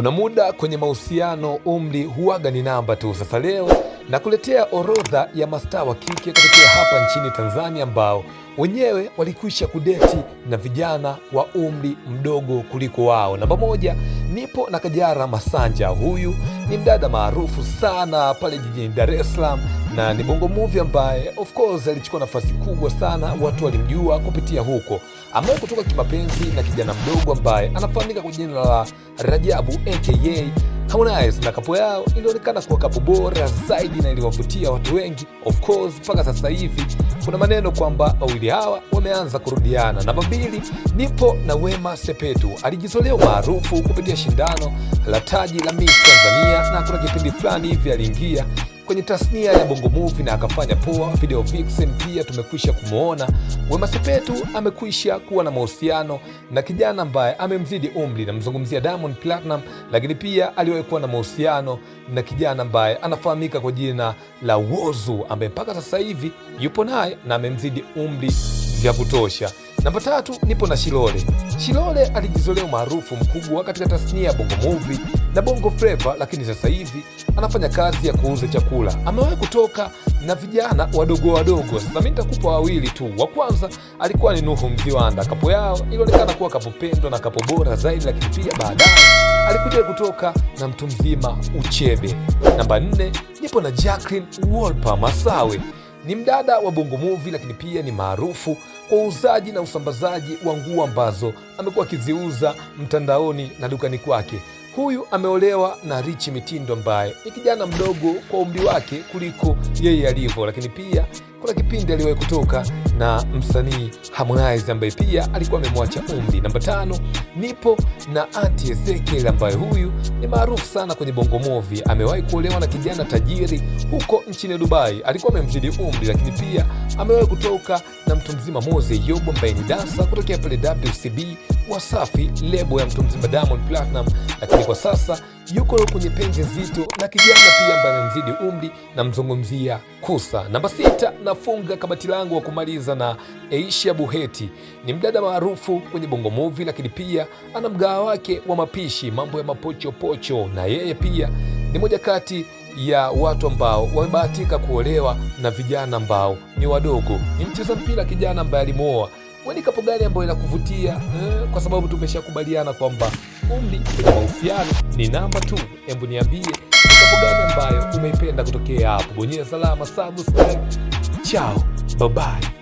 Kuna muda kwenye mahusiano umri huwaga ni namba tu. Sasa leo na kuletea orodha ya mastaa wa kike kutokea hapa nchini Tanzania ambao wenyewe walikwisha kudeti na vijana wa umri mdogo kuliko wao. Namba moja, nipo na Kajara Masanja. Huyu ni mdada maarufu sana pale jijini Dar es Salaam na ni bongo movie ambaye of course alichukua nafasi kubwa sana, watu walimjua kupitia huko. ambaye kutoka kimapenzi na kijana mdogo ambaye anafahamika kwa jina la Rajabu aka Harmonize na kapu yao ilionekana kuwa kapu bora zaidi na iliwavutia watu wengi. Of course mpaka sasa hivi kuna maneno kwamba wawili hawa wameanza kurudiana. Namba mbili, nipo na Wema Sepetu alijizolea umaarufu kupitia shindano la taji la Miss Tanzania, na kuna kipindi fulani hivi aliingia kwenye tasnia ya bongo movie na akafanya poa. Video vixen pia tumekwisha kumwona. Wema Sepetu amekwisha kuwa na mahusiano na kijana ambaye amemzidi umri, namzungumzia Diamond Platinum, lakini pia aliwahi kuwa na mahusiano na kijana ambaye anafahamika kwa jina la Whozu ambaye mpaka sasa hivi yupo naye na amemzidi umri vya kutosha. Namba tatu nipo na Shilole. Shilole alijizolea umaarufu mkubwa katika tasnia ya bongo movie na bongo fleva, lakini sasa hivi anafanya kazi ya kuuza chakula. Amewahi kutoka na vijana wadogo wadogo. Sasa mimi nitakupa wawili tu. Wa kwanza alikuwa ni Nuhu Mziwanda. Kapo yao ilionekana kuwa kapo na kapo bora zaidi, lakini pia baadaye alikuja kutoka na mtu mzima Uchebe. Namba nne nipo na Jacqueline Wolper Masawe ni mdada wa bongo movie lakini pia ni maarufu kwa uuzaji na usambazaji wa nguo ambazo amekuwa akiziuza mtandaoni na dukani kwake. Huyu ameolewa na Richi Mitindo ambaye ni kijana mdogo kwa umri wake kuliko yeye alivyo, lakini pia kuna kipindi aliwahi kutoka na msanii Harmonize ambaye pia alikuwa amemwacha umri. Namba tano, nipo na anti Ezekiel ambaye huyu ni maarufu sana kwenye Bongo Movie. Amewahi kuolewa na kijana tajiri huko nchini Dubai, alikuwa amemzidi umri, lakini pia amewahi kutoka na mtu mzima mmoja Rose Yobo ambaye ni dansa kutokea pale WCB Wasafi, lebo ya mtu mzima Diamond Platinum, lakini kwa sasa yuko kwenye penzi zito na kijana pia ambaye amemzidi umri, namzungumzia Kusa. Namba sita, nafunga kabati langu wa kumaliza na Aisha Buheti. Ni mdada maarufu kwenye Bongo Movie, lakini pia ana mgahawa wake wa mapishi, mambo ya mapochopocho, na yeye pia ni moja kati ya watu ambao wamebahatika kuolewa na vijana ambao ni wadogo. Ni mcheza mpira kijana ambaye alimuoa we, kapo gani ambayo inakuvutia eh? Kwa sababu tumeshakubaliana kwamba umri na mahusiano ni namba tu. Hebu niambie kapo gani ambayo umeipenda kutokea hapo. Bonyeza salama subscribe. Chao, bye bye.